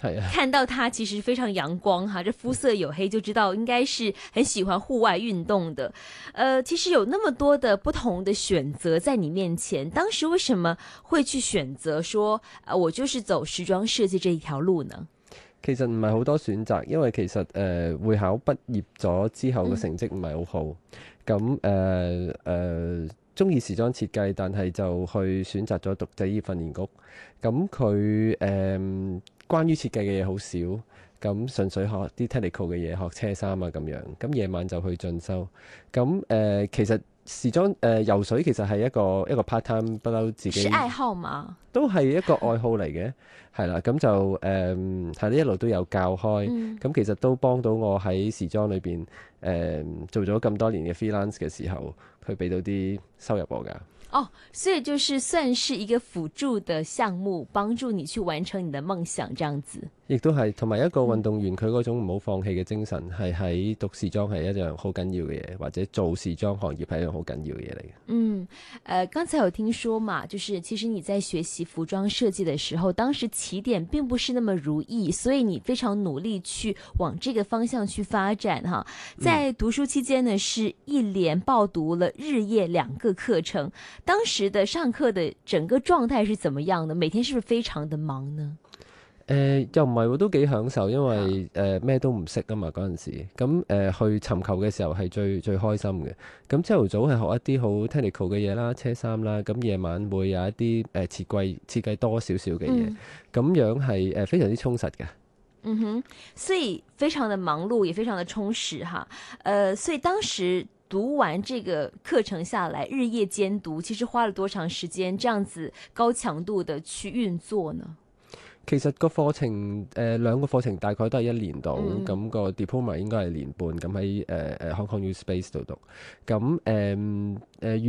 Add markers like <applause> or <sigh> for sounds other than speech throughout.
係啊、看到他其實非常陽光哈，這膚色有黑就知道應該是很喜歡戶外運動的。呃，其實有那麼多的不同的選擇在你面前，當時為什麼會去選擇說，呃，我就是走時裝設計這一條路呢？其實唔係好多選擇，因為其實誒、呃、會考畢業咗之後嘅成績唔係好好，咁誒誒中意時裝設計，但係就去選擇咗讀製衣業訓練局，咁佢誒。呃關於設計嘅嘢好少，咁純粹學啲 technical 嘅嘢，學車衫啊咁樣。咁夜晚就去進修。咁誒、呃，其實時裝誒、呃、游水其實係一個一個 part time，不嬲自己。是愛好嘛？都係一個愛好嚟嘅，係啦。咁就誒係呢一路都有教開。咁、嗯、其實都幫到我喺時裝裏邊誒做咗咁多年嘅 freelance 嘅時候，去俾到啲收入我㗎。哦，oh, 所以就是算是一個輔助的項目，幫助你去完成你的夢想，這樣子。亦都係，同埋一個運動員佢嗰種唔好放棄嘅精神，係喺讀時裝係一樣好緊要嘅嘢，或者做時裝行業係一樣好緊要嘅嘢嚟嘅。嗯，呃，剛才有聽說嘛，就是其實你在學習服裝設計嘅時候，當時起點並不是那麼如意，所以你非常努力去往這個方向去發展，哈。在讀書期間呢，是一連報讀了日夜兩個課程，當時的上課的整個狀態是怎麼樣呢？每天是不是非常的忙呢？誒、呃、又唔係我都幾享受，因為誒咩、呃、都唔識啊嘛嗰陣時，咁、呃、誒去尋求嘅時候係最最開心嘅。咁朝頭早係學一啲好 technical 嘅嘢啦，車衫啦，咁夜晚會有一啲誒設計設計多少少嘅嘢，咁樣係誒非常之充實嘅。嗯哼，所以非常的忙碌，也非常的充實哈、啊。誒、呃，所以當時讀完這個課程下來，日夜兼讀，其實花了多長時間，這樣子高強度的去運作呢？其實個課程，誒、呃、兩個課程大概都係一年度。咁個 diploma 應該係年半，咁喺誒誒 Hong Kong U Space 度讀，咁誒誒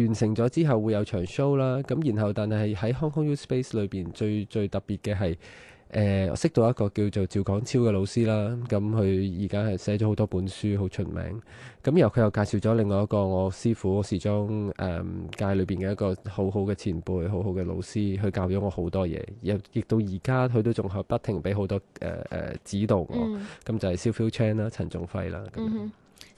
完成咗之後會有場 show 啦，咁然後但係喺 Hong Kong U Space 裏邊最最特別嘅係，誒、呃，我識到一個叫做趙廣超嘅老師啦，咁佢而家係寫咗好多本書，好出名。咁然後佢又介紹咗另外一個我師傅，時裝誒、呃、界裏邊嘅一個好好嘅前輩，好好嘅老師，去教咗我好多嘢。又，亦到而家佢都仲係不停俾好多誒誒、呃呃、指導我。咁、嗯、就係肖夫昌啦，陳仲輝啦咁。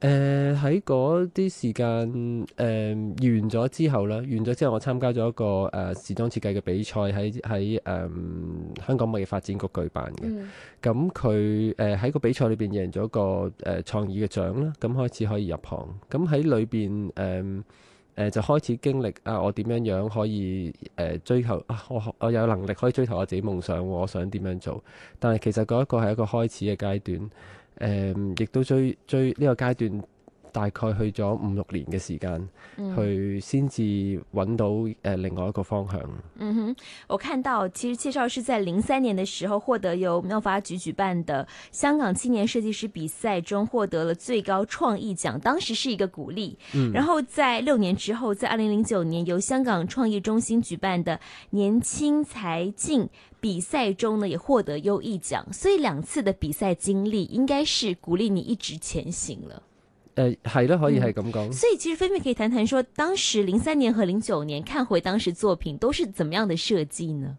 誒喺嗰啲時間誒、呃、完咗之後啦，完咗之後我參加咗一個誒、呃、時裝設計嘅比賽，喺喺誒香港貿易發展局舉辦嘅。咁佢誒喺個比賽裏邊贏咗個誒、呃、創意嘅獎啦。咁、嗯、開始可以入行。咁喺裏邊誒誒就開始經歷啊，我點樣樣可以誒、呃、追求啊？我我有能力可以追求我自己夢想，我想點樣做？但係其實嗰一個係一個開始嘅階段。誒，亦都、嗯、追追呢個階段。大概去咗五六年嘅時間，嗯、去先至揾到誒、呃、另外一個方向。嗯哼，我看到其實介紹是在零三年的時候，獲得由妙法局舉辦的香港青年設計師比賽中，獲得了最高創意獎，當時是一個鼓勵。嗯，然後在六年之後，在二零零九年由香港創意中心舉辦的年輕才俊比賽中呢，也獲得優異獎。所以兩次的比賽經歷應該是鼓勵你一直前行了。誒，係咯、呃，可以係咁講。所以其實菲菲可以談談，說當時零三年和零九年，看回當時作品都是怎麼樣的設計呢？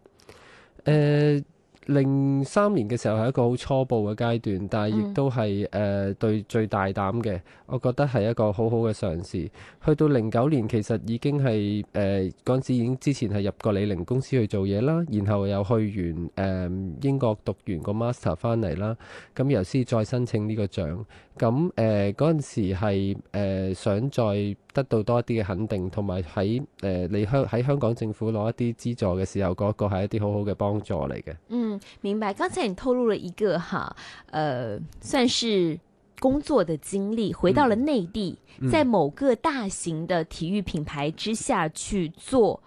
誒、呃，零三年嘅時候係一個好初步嘅階段，但係亦都係誒對最大膽嘅，嗯、我覺得係一個好好嘅嘗試。去到零九年，其實已經係誒，嗰、呃、時已經之前係入過李寧公司去做嘢啦，然後又去完誒、呃、英國讀完個 master 翻嚟啦，咁由此再申請呢個獎。咁誒嗰陣時係誒想再得到多啲嘅肯定，同埋喺誒你香喺香港政府攞一啲資助嘅時候，嗰個係一啲好好嘅幫助嚟嘅。嗯，明白。剛才你透露了一個哈，誒、呃，算是工作的經歷，回到了內地，在某個大型的體育品牌之下去做。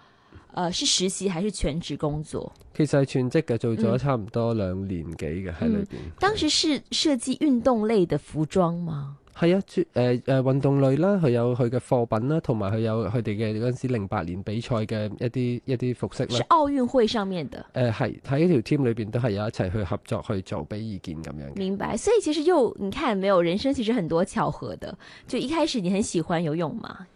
誒，是實習還是全職工作？其實係全職嘅，做咗差唔多兩年幾嘅喺裏邊。當時是設計運動類的服裝嗎？係啊，專誒誒運動類啦，佢有佢嘅貨品啦，同埋佢有佢哋嘅嗰陣時零八年比賽嘅一啲一啲服飾啦。是奧運會上面嘅，誒，係喺條 team 裏邊都係有一齊去合作去做，俾意見咁樣。明白。所以其實又，你看，沒有人生其實很多巧合的。就一開始你很喜歡游泳嘛？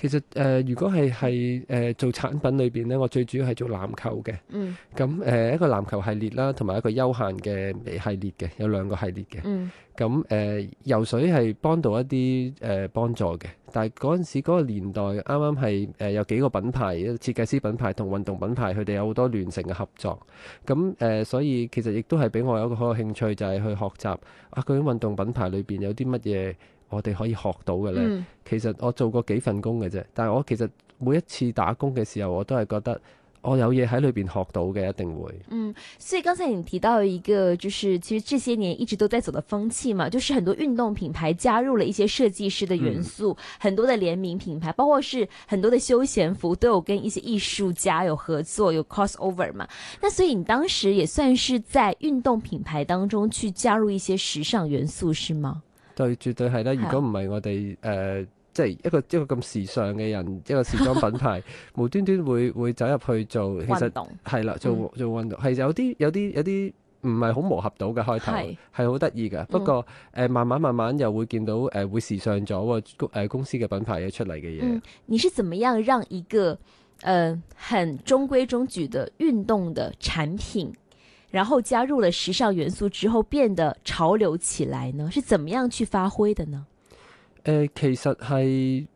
其實誒、呃，如果係係誒做產品裏邊咧，我最主要係做籃球嘅。咁誒、嗯呃、一個籃球系列啦，同埋一個休閒嘅系列嘅，有兩個系列嘅。咁誒、嗯呃，游水係幫到一啲誒、呃、幫助嘅，但係嗰陣時嗰、那個年代啱啱係誒有幾個品牌，設計師品牌同運動品牌，佢哋有好多聯乘嘅合作。咁誒、呃，所以其實亦都係俾我有一個好有興趣，就係、是、去學習啊！究竟運動品牌裏邊有啲乜嘢？我哋可以學到嘅咧，嗯、其實我做過幾份工嘅啫。但係我其實每一次打工嘅時候，我都係覺得我有嘢喺裏邊學到嘅，一定會。嗯，所以剛才你提到一個，就是其實這些年一直都在走的風氣嘛，就是很多運動品牌加入了一些設計師的元素，嗯、很多的聯名品牌，包括是很多的休閒服都有跟一些藝術家有合作，有 cross over 嘛。那所以你當時也算是在運動品牌當中去加入一些時尚元素，是嗎？對，絕對係啦！如果唔係我哋誒的、呃，即係一個一個咁時尚嘅人，一個時裝品牌， <laughs> 無端端會會走入去做，其實係啦動，做做運動係、嗯、有啲有啲有啲唔係好磨合到嘅開頭，係好得意嘅。不過誒、呃，慢慢慢慢又會見到誒、呃，會時尚咗，誒、呃、公司嘅品牌嘅出嚟嘅嘢。你是怎麼樣讓一個誒、呃、很中規中矩的運動的產品？然後加入了時尚元素之後變得潮流起來呢？是怎麼樣去發揮的呢？呃，其實係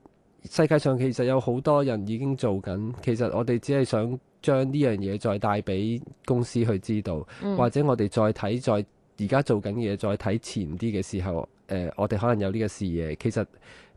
世界上其實有好多人已經做緊，其實我哋只係想將呢樣嘢再帶俾公司去知道，嗯，或者我哋再睇再而家做緊嘢，再睇前啲嘅時候。誒、呃，我哋可能有呢個視野，其實誒、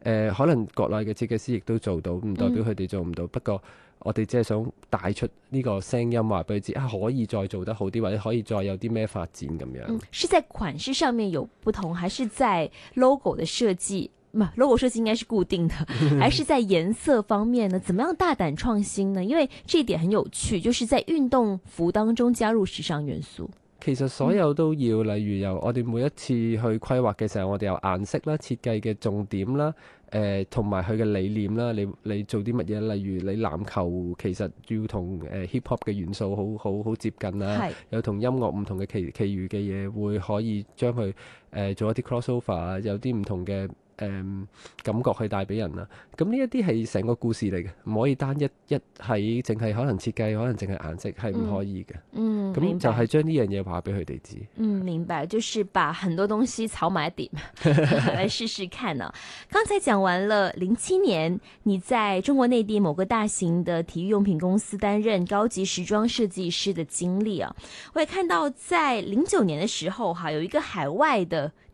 呃，可能國內嘅設計師亦都做到，唔代表佢哋做唔到。嗯、不過，我哋即係想帶出呢個聲音，話俾佢知啊，可以再做得好啲，或者可以再有啲咩發展咁樣。是在款式上面有不同，還是在 logo 嘅設計？唔係，logo 設計應該是固定的，還是在顏色方面呢？怎麼樣大膽創新呢？因為這一點很有趣，就是在運動服當中加入時尚元素。其實所有都要，例如由我哋每一次去規劃嘅時候，我哋由顏色啦、設計嘅重點啦、誒同埋佢嘅理念啦，你你做啲乜嘢？例如你籃球其實要同誒、呃、Hip Hop 嘅元素好好好接近啊，是有同音樂唔同嘅其其餘嘅嘢會可以將佢誒、呃、做一啲 crossover 啊，有啲唔同嘅。Um, 感覺佢帶俾人啦，咁呢一啲係成個故事嚟嘅，唔可以單一一係淨係可能設計，可能淨係顏色係唔可以嘅。嗯，咁樣、嗯、就係將呢樣嘢話俾佢哋知。嗯，明白，就是把很多東西炒埋一點，嚟試試看啊。剛 <laughs> 才講完了零七年，你喺中國內地某個大型的體育用品公司擔任高級時裝設計師的經歷啊，我也看到在零九年嘅時候，哈、啊，有一個海外的。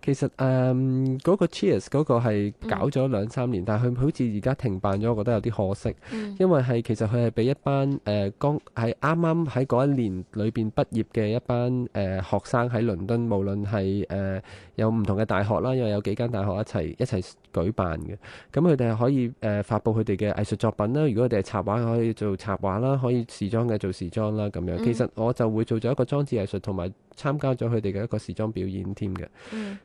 其實誒嗰、嗯那個 Cheers 嗰個係搞咗兩三年，嗯、但係佢好似而家停辦咗，我覺得有啲可惜。嗯、因為係其實佢係俾一班誒、呃、剛係啱啱喺嗰一年裏邊畢業嘅一班誒、呃、學生喺倫敦，無論係誒、呃、有唔同嘅大學啦，因為有幾間大學一齊一齊舉辦嘅。咁佢哋係可以誒、呃、發布佢哋嘅藝術作品啦。如果佢哋係插畫，可以做插畫啦；可以時裝嘅做時裝啦。咁樣其實我就會做咗一個裝置藝術同埋，參加咗佢哋嘅一個時裝表演添嘅，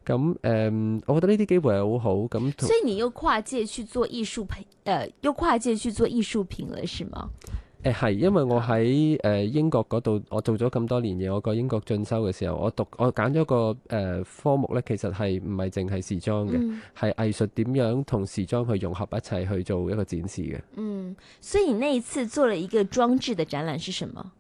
咁誒、嗯嗯，我覺得呢啲機會係好好咁。所以你又跨界去做藝術品，誒、呃，又跨界去做藝術品了，是嗎？誒、呃，係因為我喺誒、呃、英國嗰度，我做咗咁多年嘢，我喺英國進修嘅時候，我讀我揀咗個誒、呃、科目呢，其實係唔係淨係時裝嘅，係、嗯、藝術點樣同時裝去融合一齊去做一個展示嘅。嗯，所以你那一次做了一個裝置的展覽是什麼？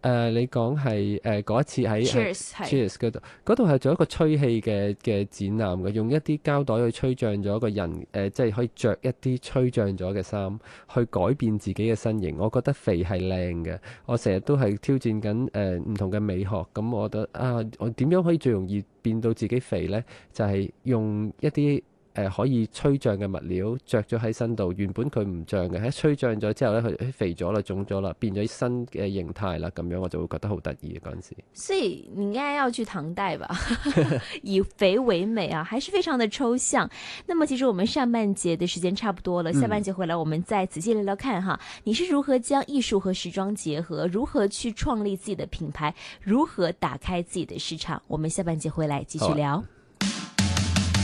誒、呃，你講係誒嗰一次喺 Cheers 嗰度 Cheers,、uh,，嗰度係做一個吹氣嘅嘅展覽嘅，用一啲膠袋去吹漲咗一個人，誒、呃，即係可以着一啲吹漲咗嘅衫去改變自己嘅身形。我覺得肥係靚嘅，我成日都係挑戰緊誒唔同嘅美學。咁我覺得啊，我點樣可以最容易變到自己肥呢？就係用一啲，誒、呃，可以吹脹嘅物料着咗喺身度，原本佢唔脹嘅，喺吹脹咗之後咧，佢肥咗啦，腫咗啦，變咗新嘅形態啦，咁樣我就會覺得好得意嘅嗰陣時。所以你應該要去唐代吧？ <laughs> 以肥為美啊，還是非常的抽象。那麼其實我們上半節嘅時間差不多了，下半節回來我們再仔細聊聊看哈，嗯、你是如何將藝術和時裝結合？如何去創立自己的品牌？如何打開自己的市場？我們下半節回來繼續聊。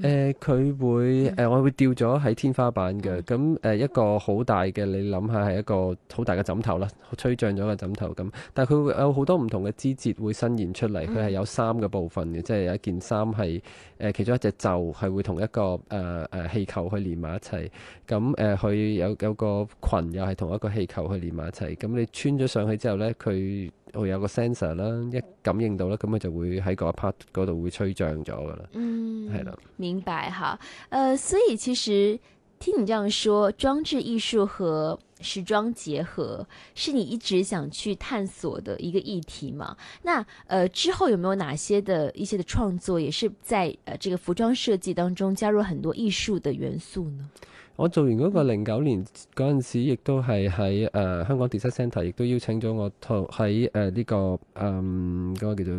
誒佢、呃、會誒、呃、我會吊咗喺天花板嘅，咁誒、呃、一個好大嘅，你諗下係一個好大嘅枕頭啦，吹漲咗個枕頭咁。但係佢會有好多唔同嘅枝節會伸展出嚟，佢係有三個部分嘅，即係有一件衫係誒其中一隻袖係會同一個誒誒、呃啊、氣球去連埋一齊，咁誒佢有有個裙又係同一個氣球去連埋一齊，咁你穿咗上去之後咧，佢。我、哦、有個 sensor 啦，一感應到啦，咁咪就會喺嗰 part 嗰度，會吹脹咗噶啦，係啦、嗯。是的 明白哈，誒、呃，所以其實聽你這樣說，裝置藝術和時裝結合，是你一直想去探索的一個議題嘛？那誒、呃、之後有沒有哪些的一些的創作，也是在誒、呃、這個服裝設計當中加入很多藝術的元素呢？我做完嗰個零九年嗰陣時，亦都係喺誒香港 design centre，亦都邀請咗我同喺誒呢個嗯嗰個叫做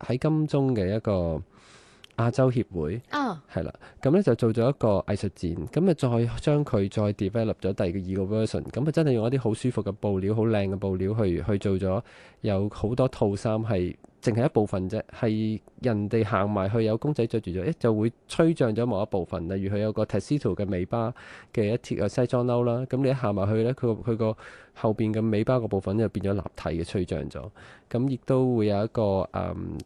喺金鐘嘅一個亞洲協會，係啦、oh.，咁咧就做咗一個藝術展，咁啊再將佢再 develop 咗第二個 version，咁啊真係用一啲好舒服嘅布料、好靚嘅布料去去做咗有好多套衫係。淨係一部分啫，係人哋行埋去有公仔着住咗，一就會吹漲咗某一部分。例如佢有個泰 t o 嘅尾巴嘅一貼嘅西裝褸啦，咁你行埋去呢，佢佢個後邊嘅尾巴個部分就變咗立體嘅吹漲咗。咁亦都會有一個誒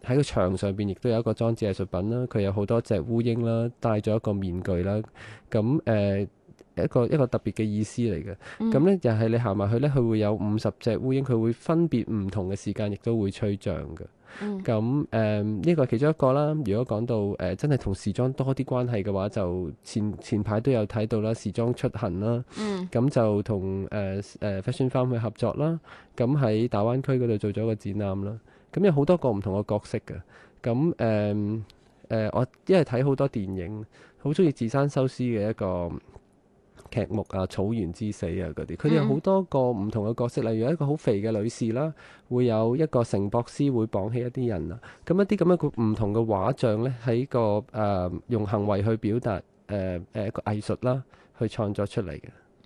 喺個牆上邊，亦都有一個裝置藝術品啦。佢有好多隻烏蠅啦，戴咗一個面具啦，咁誒、呃、一個一個特別嘅意思嚟嘅。咁呢、嗯，就係你行埋去呢，佢會有五十隻烏蠅，佢會分別唔同嘅時間，亦都會吹漲嘅。咁誒呢個係其中一個啦。如果講到誒、呃、真係同時裝多啲關係嘅話，就前前排都有睇到啦，時裝出行啦。咁、嗯嗯、就同誒誒 Fashion Farm 去合作啦。咁、嗯、喺大灣區嗰度做咗個展覽啦。咁、嗯、有好多個唔同嘅角色嘅。咁誒誒，我一係睇好多電影，好中意字山修斯嘅一個。劇目啊，草原之死啊嗰啲，佢哋有好多個唔同嘅角色，例如一個好肥嘅女士啦，會有一個城博士會綁起一啲人啊，咁一啲咁樣唔同嘅畫像呢，喺個誒、呃、用行為去表達誒誒、呃呃、一個藝術啦，去創作出嚟嘅。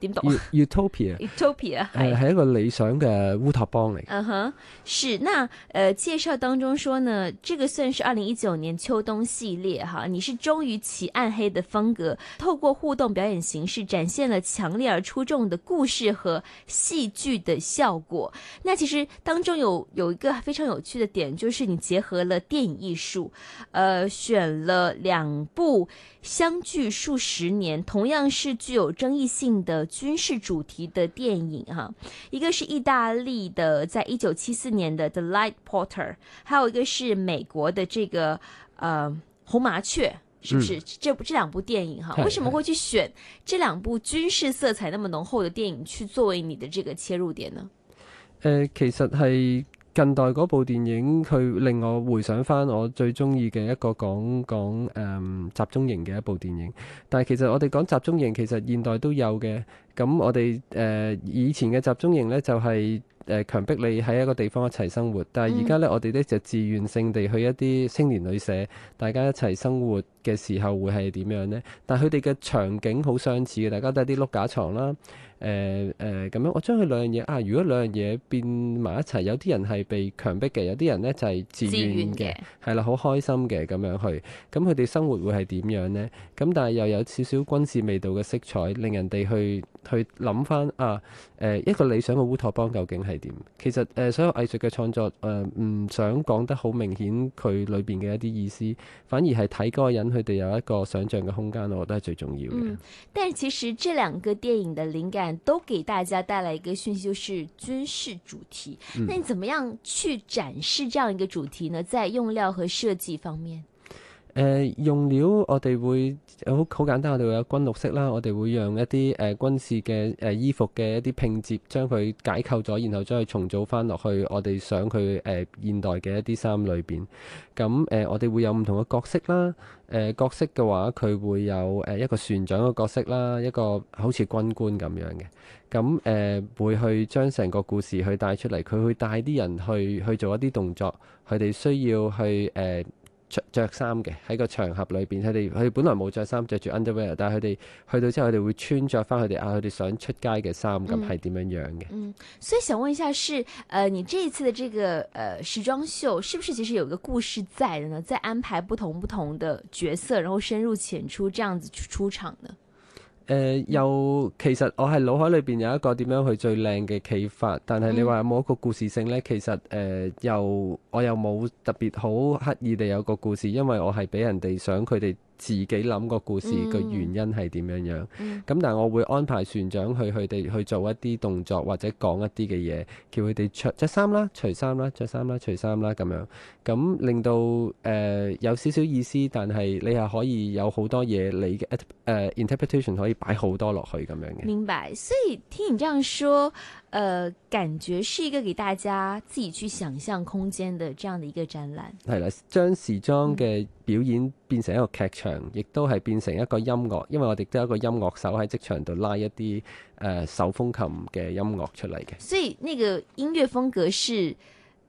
點讀？Utopia，Utopia 係係一個理想嘅烏托邦嚟。嗯哼，是。那呃介紹當中說呢，這個算是二零一九年秋冬系列哈。你是忠於其暗黑的風格，透過互動表演形式，展現了強烈而出眾的故事和戲劇的效果。那其實當中有有一個非常有趣的點，就是你結合了電影藝術，呃，選了兩部相距數十年，同樣是具有爭議性的。軍事主題的電影哈，一個是意大利的，在一九七四年的《The Light Porter》，還有一個是美國的這個呃《紅麻雀》，是不是？嗯、這部這兩部電影哈，嗯、為什麼會去選這兩部軍事色彩那麼濃厚的電影去作為你的這個切入點呢？誒、呃，其實係。近代嗰部電影，佢令我回想返我最中意嘅一個講講誒、嗯、集中營嘅一部電影。但係其實我哋講集中營，其實現代都有嘅。咁我哋誒、呃、以前嘅集中營呢，就係、是、誒、呃、強迫你喺一個地方一齊生活。但係而家呢，嗯、我哋呢就自願性地去一啲青年旅社，大家一齊生活嘅時候會係點樣呢？但係佢哋嘅場景好相似嘅，大家都係啲碌架床啦。誒誒咁樣，我將佢兩樣嘢啊！如果兩樣嘢變埋一齊，有啲人係被強迫嘅，有啲人呢就係自願嘅，係啦，好開心嘅咁樣去。咁佢哋生活會係點樣呢？咁但係又有少少軍事味道嘅色彩，令人哋去去諗翻啊！誒一個理想嘅烏托邦究竟係點？其實誒所有藝術嘅創作誒唔想講得好明顯，佢裏邊嘅一啲意思，反而係睇嗰個人佢哋有一個想像嘅空間，我覺得係最重要嘅。嗯，但係其實這兩個電影嘅靈感。都給大家帶來一個訊息，就是軍事主題。那你怎麼樣去展示這樣一個主題呢？在用料和設計方面。誒、呃、用料我哋會好好簡單，我哋會有軍綠色啦，我哋會用一啲誒、呃、軍事嘅誒、呃、衣服嘅一啲拼接，將佢解構咗，然後將佢重組翻落去我哋想佢誒、呃、現代嘅一啲衫裏邊。咁、嗯、誒、呃、我哋會有唔同嘅角色啦。誒、呃、角色嘅話，佢會有誒、呃、一個船長嘅角色啦，一個好似軍官咁樣嘅。咁、嗯、誒、呃、會去將成個故事去帶出嚟，佢會帶啲人去去做一啲動作，佢哋需要去誒。呃着着衫嘅喺個場合裏邊，佢哋佢哋本來冇着衫，着住 underwear，但係佢哋去到之後，佢哋會穿著翻佢哋啊，佢哋想出街嘅衫咁係點樣樣嘅、嗯？嗯，所以想問一下是，是、呃、誒，你這一次嘅這個誒、呃、時裝秀，是不是其實有一個故事在嘅呢？在安排不同不同的角色，然後深入淺出這樣子去出場呢？誒、呃、又其實我係腦海裏邊有一個點樣去最靚嘅啟發，但係你話有冇一個故事性咧？其實誒、呃、又我又冇特別好刻意地有個故事，因為我係俾人哋想佢哋自己諗個故事個原因係點樣樣，咁、嗯，嗯、但係我會安排船長去佢哋去做一啲動作或者講一啲嘅嘢，叫佢哋着著衫啦、除衫啦、着衫啦、除衫啦咁樣，咁令到誒、呃、有少少意思，但係你又可以有好多嘢你嘅誒、呃、interpretation 可以擺好多落去咁樣嘅。明白，所以聽你這樣說誒、呃、感覺是一個給大家自己去想象空間的這樣的一個展覽係啦，將時裝嘅、嗯。表演變成一個劇場，亦都係變成一個音樂，因為我哋都有一個音樂手喺職場度拉一啲誒、呃、手風琴嘅音樂出嚟嘅。所以那個音樂風格是。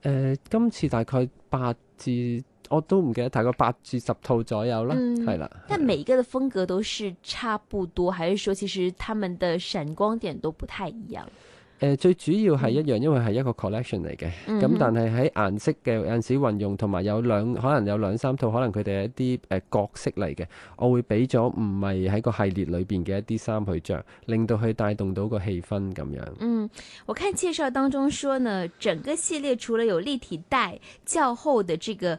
誒、呃，今次大概八至我都唔記得，大概八至十套左右啦，係、嗯、啦。但每一個嘅風格都是差不多，還是說其實，他們的閃光點都不太一樣？最主要係一樣，因為係一個 collection 嚟嘅，咁、嗯、哼但係喺顏色嘅有陣時運用，同埋有，有兩可能有兩三套，可能佢哋一啲、呃、角色嚟嘅，我會俾咗唔係喺個系列裏邊嘅一啲衫去着，令到佢帶動到個氣氛咁樣。嗯，我看介紹當中說呢，整個系列除了有立體袋較厚的這個。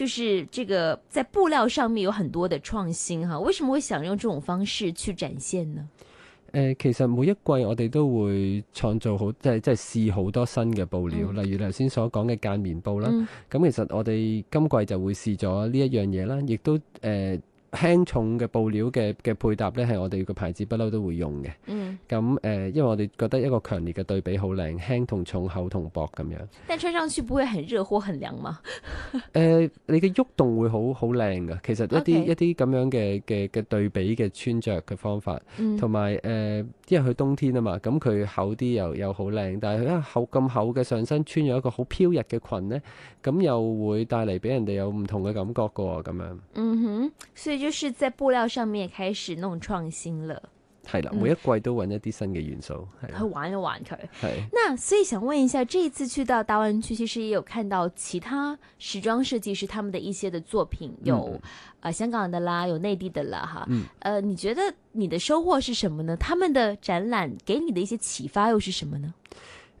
就是這個在布料上面有很多的創新哈、啊，為什麼會想用這種方式去展現呢？誒、呃，其實每一季我哋都會創造好即係即係試好多新嘅布料，嗯、例如頭先所講嘅間棉布啦，咁、嗯、其實我哋今季就會試咗呢一樣嘢啦，亦都誒。呃輕重嘅布料嘅嘅配搭呢，係我哋個牌子不嬲都會用嘅。咁誒、嗯嗯，因為我哋覺得一個強烈嘅對比好靚，輕同重、厚同薄咁樣。但穿上去不會很熱或很涼嗎？ <laughs> 呃、你嘅喐動，動會好好靚噶。其實一啲 Okay. 一啲咁樣嘅嘅嘅對比嘅穿着嘅方法，同埋誒，因為佢冬天啊嘛，咁佢厚啲又又好靚。但係佢因為厚咁厚嘅上身，穿咗一個好飄逸嘅裙呢，咁又會帶嚟俾人哋有唔同嘅感覺噶喎。咁樣。嗯哼。就是在布料上面開始弄創新了，係啦，每一季都揾一啲新嘅元素，去、嗯、玩一玩佢。係，對那所以想問一下，這一次去到大灣區，其實也有看到其他時裝設計師他們的一些的作品，有啊、嗯呃、香港的啦，有內地的啦，哈，嗯，呃，你覺得你的收穫是什麼呢？他們的展覽給你的一些啟發又是什麼呢？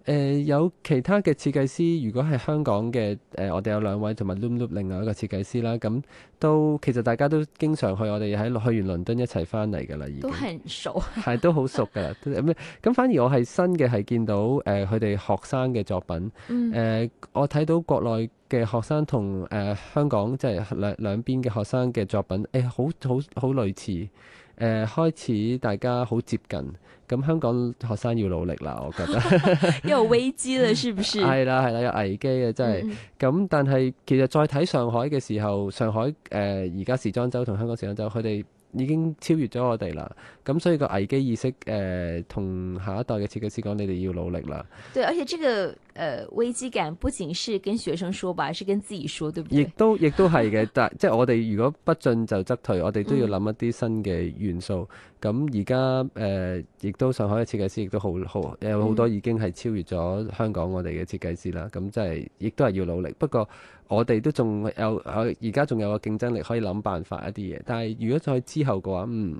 誒、呃、有其他嘅設計師，如果係香港嘅誒、呃，我哋有兩位同埋 Lulu 另外一個設計師啦，咁都其實大家都經常去，我哋喺去完倫敦一齊翻嚟嘅啦，已經都係熟，係都好熟嘅，咁咁 <laughs> 反而我係新嘅，係見到誒佢哋學生嘅作品，誒、嗯呃、我睇到國內嘅學生同誒、呃、香港即係兩兩邊嘅學生嘅作品誒好好好類似，誒、呃、開始大家好接近咁、嗯、香港學生要努力啦，我覺得 <laughs> 有危機啦，是不是？係啦係啦，有危機啊，真係咁。嗯嗯嗯、但係其實再睇上海嘅時候，上海誒而家時裝周同香港時裝周，佢哋。已經超越咗我哋啦，咁所以個危機意識，誒、呃、同下一代嘅設計師講，你哋要努力啦。對，而且這個誒危機感，不僅是跟學生說吧，是跟自己說，對唔對？亦都亦都係嘅， <laughs> 但即係我哋如果不進就則退，我哋都要諗一啲新嘅元素。咁而家誒，亦、嗯呃、都上海嘅設計師亦都好好有好多已經係超越咗香港我哋嘅設計師啦。咁即係亦都係要努力，不過。我哋都仲有，而家仲有個競爭力，可以諗辦法一啲嘢。但係如果再之後嘅話，嗯，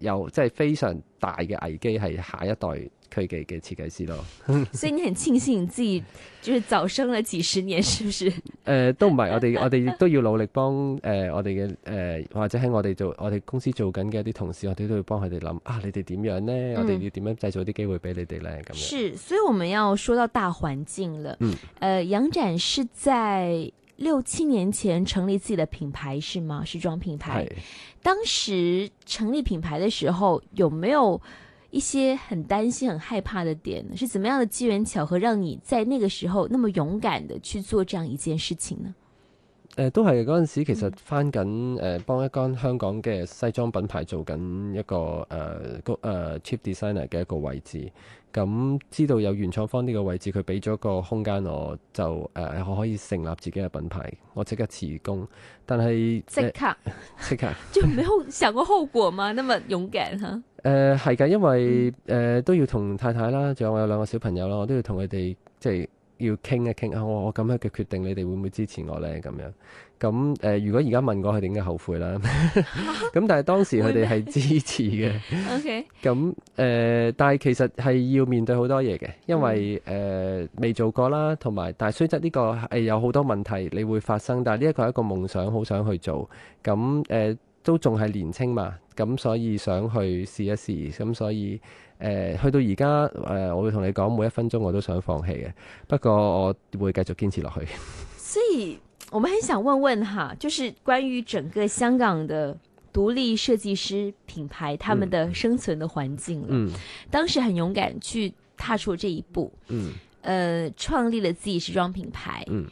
有即係非常大嘅危機係下一代佢哋嘅設計師咯。 <laughs> 所以你很慶幸你自己，就是早生了幾十年，是不是？誒、 <laughs> 呃，都唔係，我哋我哋亦都要努力幫誒、呃、我哋嘅誒，或者喺我哋做我哋公司做緊嘅一啲同事，我哋都要幫佢哋諗啊，你哋點樣呢？嗯、我哋要點樣製造啲機會俾你哋咧？咁樣是，所以我們要說到大環境了。嗯，誒、呃，楊展是在，六七年前成立自己的品牌是嗎？時裝品牌，是當時成立品牌的時候有沒有一些很擔心、很害怕的點？是怎麼樣的機緣巧合讓你在那個時候那麼勇敢的去做這樣一件事情呢？誒、呃，都係嗰陣時，其實返緊誒幫一間香港嘅西裝品牌做緊一個誒誒、呃啊、Chief Designer 嘅一個位置。咁知道有原創方呢個位置，佢俾咗個空間，我就誒、呃，我可以成立自己嘅品牌，我即刻辭工。但係即刻，即刻、呃、 <laughs> 就冇後想過後果嘛，那麼勇敢嚇？誒係㗎，因為誒、呃、都要同太太啦，仲有我有兩個小朋友啦，我都要同佢哋即係。要傾一傾啊！我我咁樣嘅決定，你哋會唔會支持我呢？咁樣咁誒、呃，如果而家問我，係點解後悔啦？咁 <laughs> 但係當時佢哋係支持嘅。OK。咁誒，但係其實係要面對好多嘢嘅，因為誒未、呃、做過啦，同埋但係雖則呢個係有好多問題，你會發生，但係呢一個係一個夢想，好想去做。咁誒都仲係年青嘛，咁、嗯、所以想去試一試。咁、嗯、所以。呃、去到而家、呃、我會同你講，每一分鐘我都想放棄嘅，不過我會繼續堅持落去。所以，我們很想問問哈，就是關於整個香港的獨立設計師品牌，他們的生存的環境。嗯，當時很勇敢去踏出這一步。嗯，誒、呃，創立了自己時裝品牌。嗯，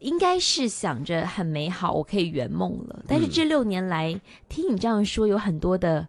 應該是想着很美好，我可以圓夢了。但是這六年來，嗯、聽你這樣說，有很多的。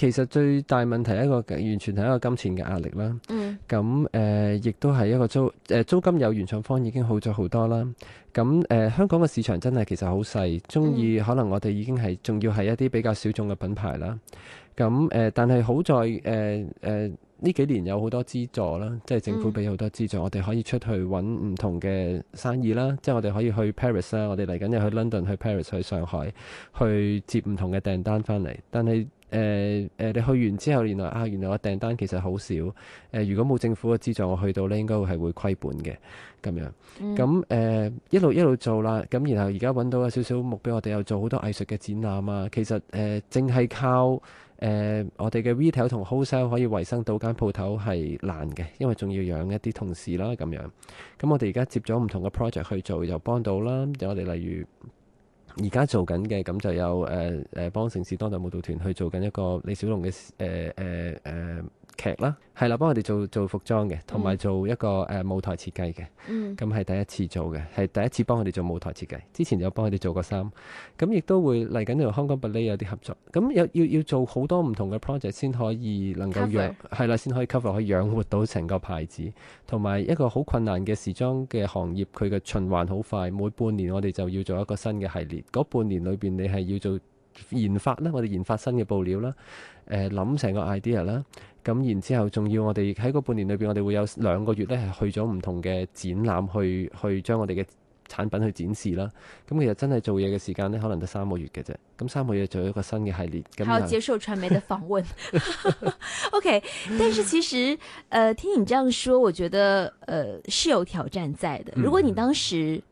其實最大問題係一個完全係一個金錢嘅壓力啦。咁誒、嗯，亦、嗯、都係一個租誒租金有原廠方已經好咗好多啦。咁、嗯、誒、嗯，香港嘅市場真係其實好細，鍾意可能我哋已經係仲要係一啲比較小眾嘅品牌啦。咁、嗯、誒，嗯、但係好在誒誒呢幾年有好多資助啦，即係政府俾好多資助，嗯、我哋可以出去揾唔同嘅生意啦。即係我哋可以去 Paris 啦，我哋嚟緊又去 London、去 Paris、去上海去接唔同嘅訂單翻嚟。但係誒誒、呃呃，你去完之後，原來啊，原來我訂單其實好少。誒、呃，如果冇政府嘅資助，我去到咧，應該係會，會虧本嘅咁樣。咁誒、嗯呃、一路一路做啦。咁然後而家揾到有少少目標，我哋又做好多藝術嘅展覽啊。其實誒，淨、呃、係靠誒、呃、我哋嘅 retail 同 wholesale 可以維生到間鋪頭係難嘅，因為仲要養一啲同事啦咁樣。咁我哋而家接咗唔同嘅 project 去做，又幫到啦。我哋例如。而家做緊嘅咁就有誒誒、呃、幫城市當代舞蹈團去做緊一個李小龍嘅誒誒誒。呃呃呃劇啦，係啦，幫我哋做做服裝嘅，同埋做一個誒、呃、舞台設計嘅，咁係、嗯、第一次做嘅，係第一次幫我哋做舞台設計。之前有幫我哋做過衫，咁亦都會嚟緊同 Hong Kong Ballet 有啲合作。咁有要要做好多唔同嘅 project 先可以能夠養，係啦 Cover.，先可以 cover 可以養活到成個牌子。同埋、嗯、一個好困難嘅時裝嘅行業，佢嘅循環好快，每半年我哋就要做一個新嘅系列。嗰半年裏邊你係要做。研發啦，我哋研發新嘅布料啦，誒諗成個 idea 啦，咁然之後仲要我哋喺個半年裏邊，我哋會有兩個月咧係去咗唔同嘅展覽去去將我哋嘅產品去展示啦。咁其實真係做嘢嘅時間咧，可能得三個月嘅啫。咁三個月做一個新嘅系列，還要好然後 接受傳媒嘅訪問。 <laughs> <laughs> OK，但是其實，誒、呃、聽你這樣說，我覺得，誒、呃、是有挑戰在的。如果你當時，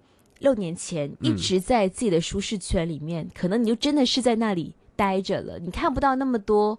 六年前一直在自己的舒適圈裏面，嗯。可能你就真的是在那裏待着了，你看不到那麼多。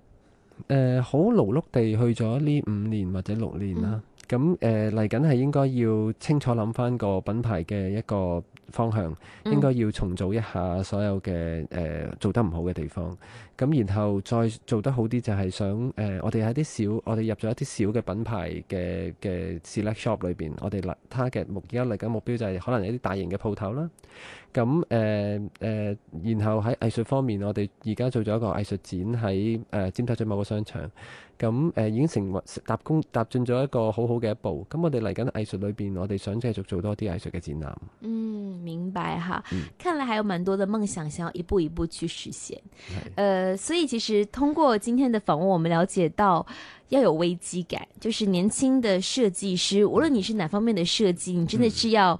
誒，好勞碌地去咗呢五年或者六年啦，咁誒，嚟緊係應該要清楚諗翻個品牌嘅一個方向應該要重做一下所有嘅誒、呃、做得唔好嘅地方，咁然後再做得好啲。就係想誒、呃，我哋喺啲小，我哋入咗一啲小嘅品牌嘅嘅 select shop 裏邊，我哋嚟 target 目而家嚟緊目標就係可能一啲大型嘅鋪頭啦。咁誒誒，然後喺藝術方面，我哋而家做咗一個藝術展喺誒、呃、尖沙咀某個商場。咁誒已經成為踏功踏進咗一個好好嘅一步。咁我哋嚟緊藝術裏邊，我哋想繼續做多啲藝術嘅展覽。嗯，明白嚇。嗯，看嚟還有蠻多嘅夢想，想要一步一步去實現。誒是、呃，所以其實通過今天的訪問，我們了解到要有危機感，就是年輕的設計師，無論你是哪方面的設計，你真的是要。